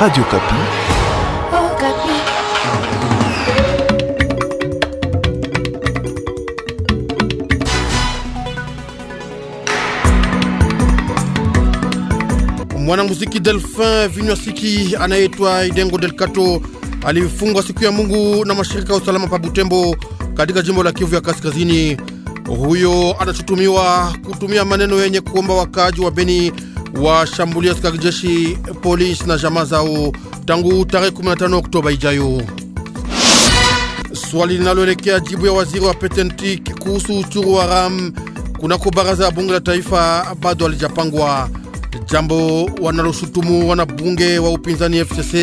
Radio Kapi. Oh, Kapi. Mwanamuziki Delfin Vinywa Siki anayeitwa Idengo Delkato alifungwa siku ya Mungu na mashirika ya usalama pa Butembo katika jimbo la Kivu ya Kaskazini. Huyo anashutumiwa kutumia maneno yenye kuomba wakaaji wa Beni washambulia askari jeshi, polisi na jamaa zao tangu tarehe 15 Oktoba ijayo. Swali linaloelekea jibu ya waziri wa Petentik kuhusu uchuru wa RAM kunako baraza ya bunge la taifa bado alijapangwa jambo wanaloshutumu wana bunge wa upinzani FCC.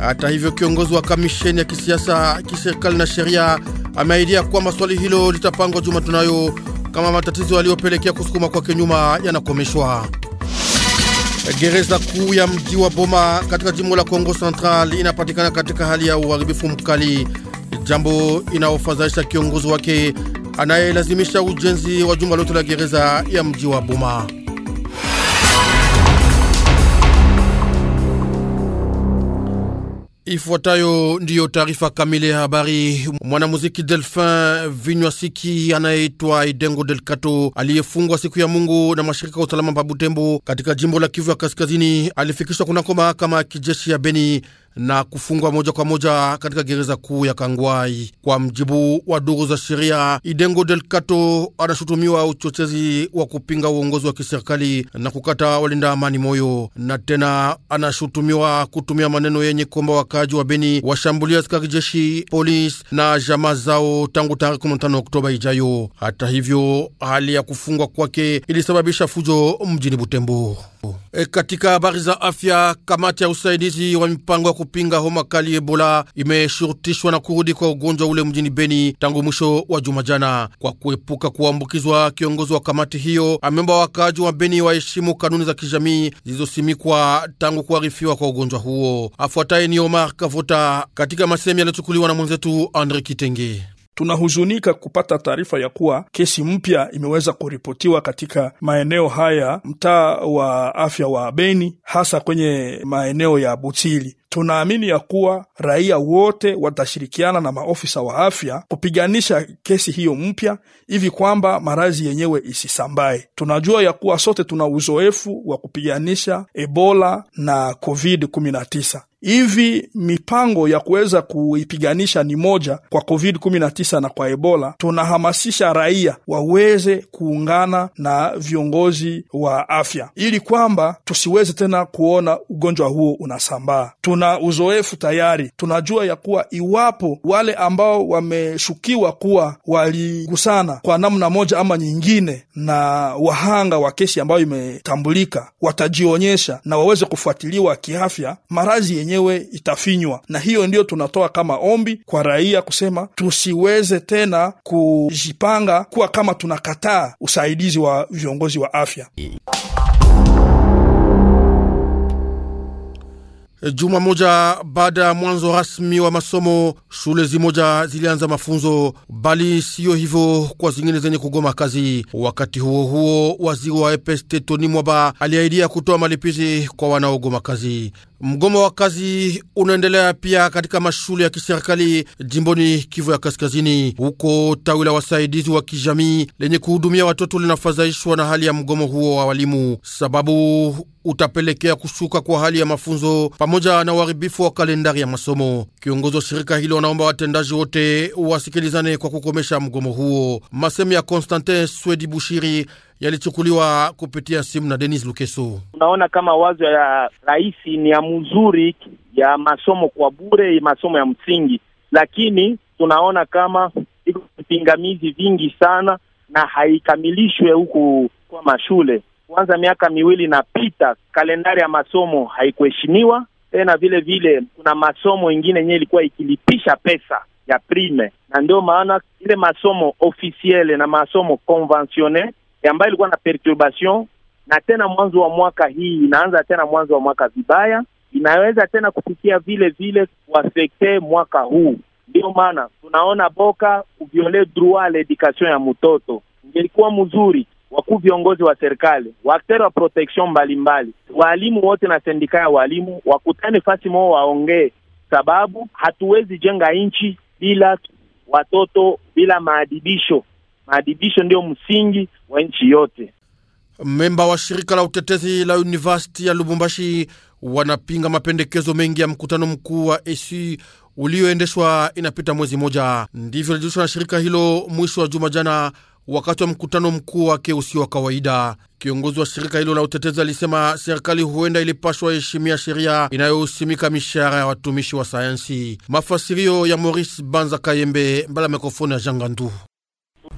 Hata hivyo, kiongozi wa kamisheni ya kisiasa kiserikali na sheria ameahidia kwamba swali hilo litapangwa juma tunayo, kama matatizo yaliyopelekea kusukuma kwake nyuma yanakomeshwa. Gereza kuu ya mji wa Boma katika jimbo la Kongo Central inapatikana katika hali ya uharibifu mkali, jambo inaofadhaisha kiongozi wake anayelazimisha ujenzi wa jumba lote la gereza ya mji wa Boma. Ifuatayo ndiyo taarifa kamili ya habari. Mwanamuziki Delfin Vinywasiki anayeitwa Idengo Delkato aliyefungwa siku ya Mungu na mashirika ya usalama pa Butembo katika jimbo la Kivu ya Kaskazini alifikishwa kunako mahakama ya kijeshi ya Beni na kufungwa moja kwa moja katika gereza kuu ya Kangwai. Kwa mjibu wa duru za sheria, Idengo Delkato anashutumiwa uchochezi wa kupinga uongozi wa kiserikali na kukata walinda amani moyo, na tena anashutumiwa kutumia maneno yenye komba wakaaji wa Beni washambulia askari jeshi, polisi na jama zao tangu tarehe 15 Oktoba ijayo. Hata hivyo, hali ya kufungwa kwake ilisababisha fujo mjini Butembo. E, katika habari za afya, kamati ya usaidizi wa mipango ya kupinga homa kali Ebola imeshurutishwa na kurudi kwa ugonjwa ule mjini Beni tangu mwisho wa juma jana. Kwa kuepuka kuambukizwa, kiongozi wa kamati hiyo ameomba wakaaji wa Beni waheshimu kanuni za kijamii zilizosimikwa tangu kuarifiwa kwa ugonjwa huo. Afuataye ni Omar Kavota katika masemi yaliyochukuliwa na mwenzetu Andre Kitenge. Tunahuzunika kupata taarifa ya kuwa kesi mpya imeweza kuripotiwa katika maeneo haya, mtaa wa afya wa Beni, hasa kwenye maeneo ya Butili tunaamini ya kuwa raia wote watashirikiana na maofisa wa afya kupiganisha kesi hiyo mpya hivi kwamba marazi yenyewe isisambae. Tunajua ya kuwa sote tuna uzoefu wa kupiganisha Ebola na COVID-19. Hivi mipango ya kuweza kuipiganisha ni moja kwa COVID-19 na kwa Ebola. Tunahamasisha raia waweze kuungana na viongozi wa afya ili kwamba tusiweze tena kuona ugonjwa huo unasambaa. Tuna tuna uzoefu tayari, tunajua ya kuwa iwapo wale ambao wameshukiwa kuwa waligusana kwa namna moja ama nyingine na wahanga wa kesi ambayo imetambulika, watajionyesha na waweze kufuatiliwa kiafya, maradhi yenyewe itafinywa. Na hiyo ndiyo tunatoa kama ombi kwa raia kusema tusiweze tena kujipanga kuwa kama tunakataa usaidizi wa viongozi wa afya. Juma moja baada ya mwanzo rasmi wa masomo, shule zimoja zilianza mafunzo, bali siyo hivyo kwa zingine zenye kugoma kazi. Wakati huo huo, waziri wa EPST Tony Mwaba aliahidia kutoa malipizi kwa wanaogoma kazi. Mgomo wa kazi unaendelea pia katika mashule ya kiserikali jimboni Kivu ya Kaskazini. Huko tawi la wasaidizi wa kijamii lenye kuhudumia watoto linafadhaishwa na hali ya mgomo huo wa walimu, sababu utapelekea kushuka kwa hali ya mafunzo pamoja na uharibifu wa kalendari ya masomo. Kiongozi wa shirika hilo anaomba watendaji wote wasikilizane kwa kukomesha mgomo huo. Masemu ya Constantin Swedi Bushiri yalichukuliwa kupitia simu na Denis Lukeso. Tunaona kama wazo ya rais ni ya mzuri ya masomo kwa bure, masomo ya msingi, lakini tunaona kama iko vipingamizi vingi sana na haikamilishwe huku kwa mashule. Kwanza miaka miwili inapita, kalendari ya masomo haikuheshimiwa tena. Vile vile kuna masomo ingine yenyewe ilikuwa ikilipisha pesa ya prime, na ndio maana ile masomo ofisiele na masomo konvensione E ambayo ilikuwa na perturbation, na tena mwanzo wa mwaka hii inaanza tena mwanzo wa mwaka vibaya, inaweza tena kufikia vile vile kuafekte mwaka huu. Ndio maana tunaona boka kuviole droit l'education ya mtoto. Ingelikuwa mzuri wakuu viongozi wa serikali, waakteri wa protection mbalimbali, waalimu wote na sendika ya waalimu wakutane fasi moo, waongee, sababu hatuwezi jenga nchi bila watoto, bila maadibisho maadibisho ndiyo msingi wa nchi yote. Memba wa shirika la utetezi la University ya Lubumbashi wanapinga mapendekezo mengi ya mkutano mkuu wa ESU ulioendeshwa inapita mwezi moja. Ndivyo lilijulishwa na shirika hilo mwisho wa juma jana wakati wa mkutano mkuu wake usio wa kawaida. Kiongozi wa shirika hilo la utetezi alisema serikali huenda ilipashwa heshimia sheria inayohusimika mishahara ya watumishi wa sayansi. Mafasirio ya Maurice Banza Kayembe mbala mikrofoni ya Jangandu.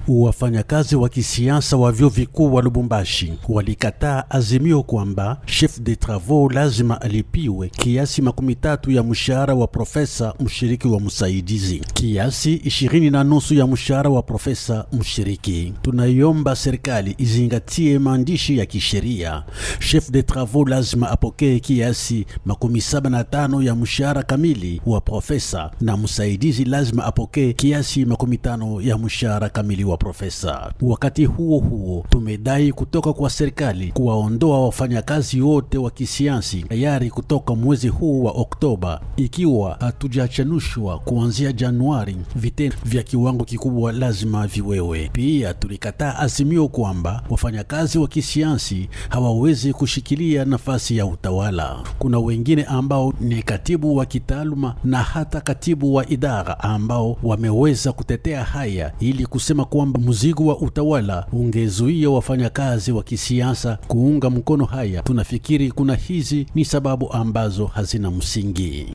Wafanyakazi wa kisiasa wa vyuo vikuu wa Lubumbashi walikataa azimio kwamba chef de travaux lazima alipiwe kiasi makumi tatu ya mshahara wa profesa mshiriki wa msaidizi, kiasi ishirini na nusu ya mshahara wa profesa mshiriki. Tunaiomba serikali izingatie maandishi ya kisheria. Chef de travaux lazima apokee kiasi makumi saba na tano ya mshahara kamili wa profesa, na msaidizi lazima apokee kiasi makumi tano ya mshahara kamili wa profesa. Wakati huo huo, tumedai kutoka kwa serikali kuwaondoa wafanyakazi wote wa kisiansi tayari kutoka mwezi huu wa Oktoba, ikiwa hatujachanushwa kuanzia Januari, vitendo vya kiwango kikubwa lazima viwewe. Pia tulikataa azimio kwamba wafanyakazi wa kisiansi hawawezi kushikilia nafasi ya utawala. Kuna wengine ambao ni katibu wa kitaaluma na hata katibu wa idara ambao wameweza kutetea haya ili kusema kwa kwamba mzigo wa utawala ungezuia wafanyakazi wa kisiasa kuunga mkono haya. Tunafikiri kuna hizi ni sababu ambazo hazina msingi.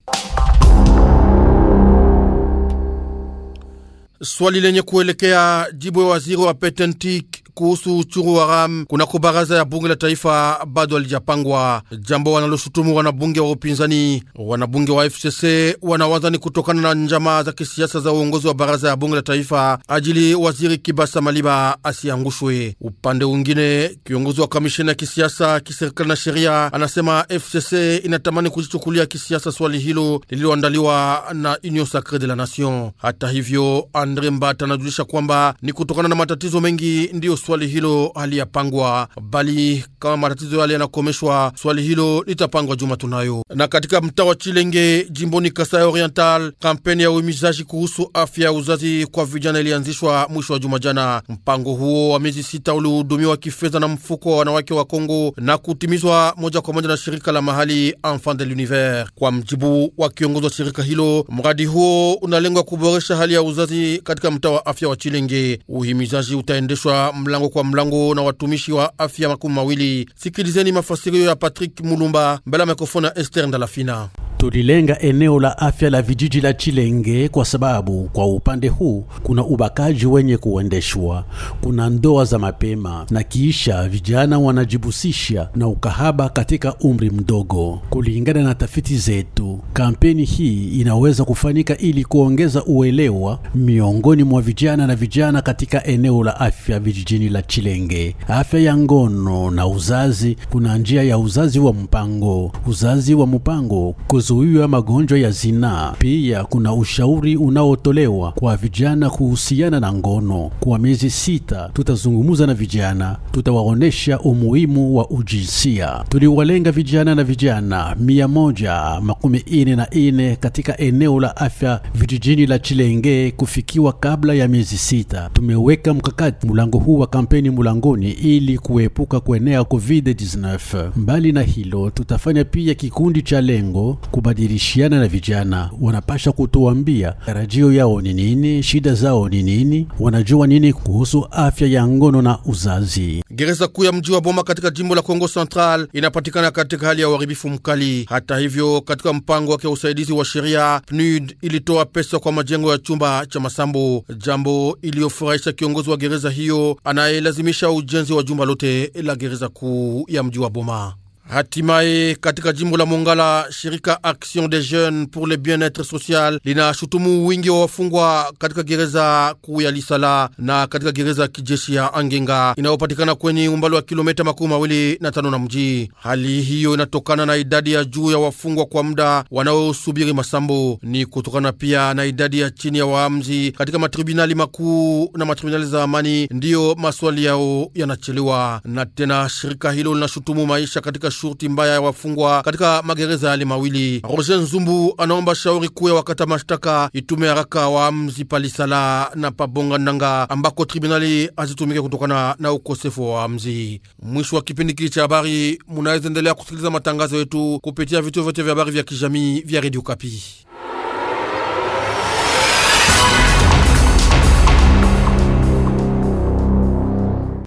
Swali lenye kuelekea jibu ya waziri wa petentik kuhusu uchungu wa RAM kunako baraza ya bunge la taifa bado alijapangwa, jambo wanaloshutumu wanabunge wa upinzani. Wanabunge wa FCC wanawazani kutokana na njama za kisiasa za uongozi wa baraza ya bunge la taifa ajili waziri Kibasa Maliba asiangushwe. Upande mwingine, kiongozi wa kamisheni ya kisiasa kiserikali na sheria anasema FCC inatamani kujichukulia kisiasa swali hilo lililoandaliwa na Union Sacre de la Nation. Hata hivyo, Andre Mbata anajulisha kwamba ni kutokana na matatizo mengi ndiyo swali hilo haliyapangwa, bali kama matatizo yale yanakomeshwa, swali hilo litapangwa juma tunayo. Na katika mtaa wa Chilenge jimboni Kasai Oriental, kampeni ya uhimizaji kuhusu afya ya uzazi kwa vijana ilianzishwa mwisho wa juma jana. Mpango huo wa miezi sita ulihudumiwa kifedha na mfuko wa wanawake wa Kongo na kutimizwa moja kwa moja na shirika la mahali Enfant de l'Univers. Kwa mjibu wa kiongozi wa shirika hilo, mradi huo unalengwa kuboresha hali ya uzazi katika mtaa wa afya wa Chilenge. Uhimizaji utaendeshwa mla mlango kwa mlango na watumishi wa afya makumi mawili. Sikilizeni mafasirio ya Patrick Mulumba mbele ya mikrofoni ya Esther Ndalafina. Tulilenga eneo la afya la vijiji la Chilenge kwa sababu kwa upande huu kuna ubakaji wenye kuendeshwa, kuna ndoa za mapema na kiisha vijana wanajibusisha na ukahaba katika umri mdogo. Kulingana na tafiti zetu, kampeni hii inaweza kufanyika ili kuongeza uelewa miongoni mwa vijana na vijana katika eneo la afya vijijini la Chilenge. Afya ya ngono na uzazi, kuna njia ya uzazi wa mpango, uzazi wa mpango kuzuia magonjwa ya zinaa. Pia kuna ushauri unaotolewa kwa vijana kuhusiana na ngono. Kwa miezi sita tutazungumza na vijana, tutawaonesha umuhimu wa ujinsia. Tuliwalenga vijana na vijana mia moja makumi ine na ine katika eneo la afya vijijini la Chilenge kufikiwa kabla ya miezi sita. Tumeweka mkakati mlango huu wa kampeni mulangoni ili kuepuka kuenea COVID-19. Mbali na hilo, tutafanya pia kikundi cha lengo kubadilishiana na vijana, wanapasha kutuambia tarajio yao ni nini, shida zao ni nini, wanajua nini kuhusu afya ya ngono na uzazi. Gereza kuu ya mji wa Boma katika jimbo la Kongo Central inapatikana katika hali ya uharibifu mkali. Hata hivyo, katika mpango wake wa usaidizi wa sheria, PNUD ilitoa pesa kwa majengo ya chumba cha masambo, jambo iliyofurahisha kiongozi wa gereza hiyo anayelazimisha ujenzi wa jumba lote la gereza kuu ya mji wa Boma. Hatimaye katika jimbo la Mongala, shirika Action des Jeunes pour le bien être Social linashutumu wingi wa wafungwa katika gereza kuu ya Lisala na katika gereza ya kijeshi ya Angenga inayopatikana kwenye umbali wa kilomita makumi mawili na tano na mji. Hali hiyo inatokana na idadi ya juu ya wafungwa kwa muda wanaosubiri masambo, ni kutokana pia na idadi ya chini ya waamzi katika matribunali makuu na matribunali za amani, ndiyo maswali yao yanachelewa. Na tena shirika hilo linashutumu maisha katika masharti mbaya ya wafungwa katika magereza yale mawili. Roger Nzumbu anaomba shauri kuu ya wakata mashtaka itume haraka waamuzi palisala na pabonga nanga ambako tribunali hazitumike kutokana na ukosefu wa waamuzi. Mwisho wa kipindi kili cha habari, munaweza endelea kusikiliza matangazo yetu kupitia vituo vyote vya habari vya kijamii vya Radio Kapi.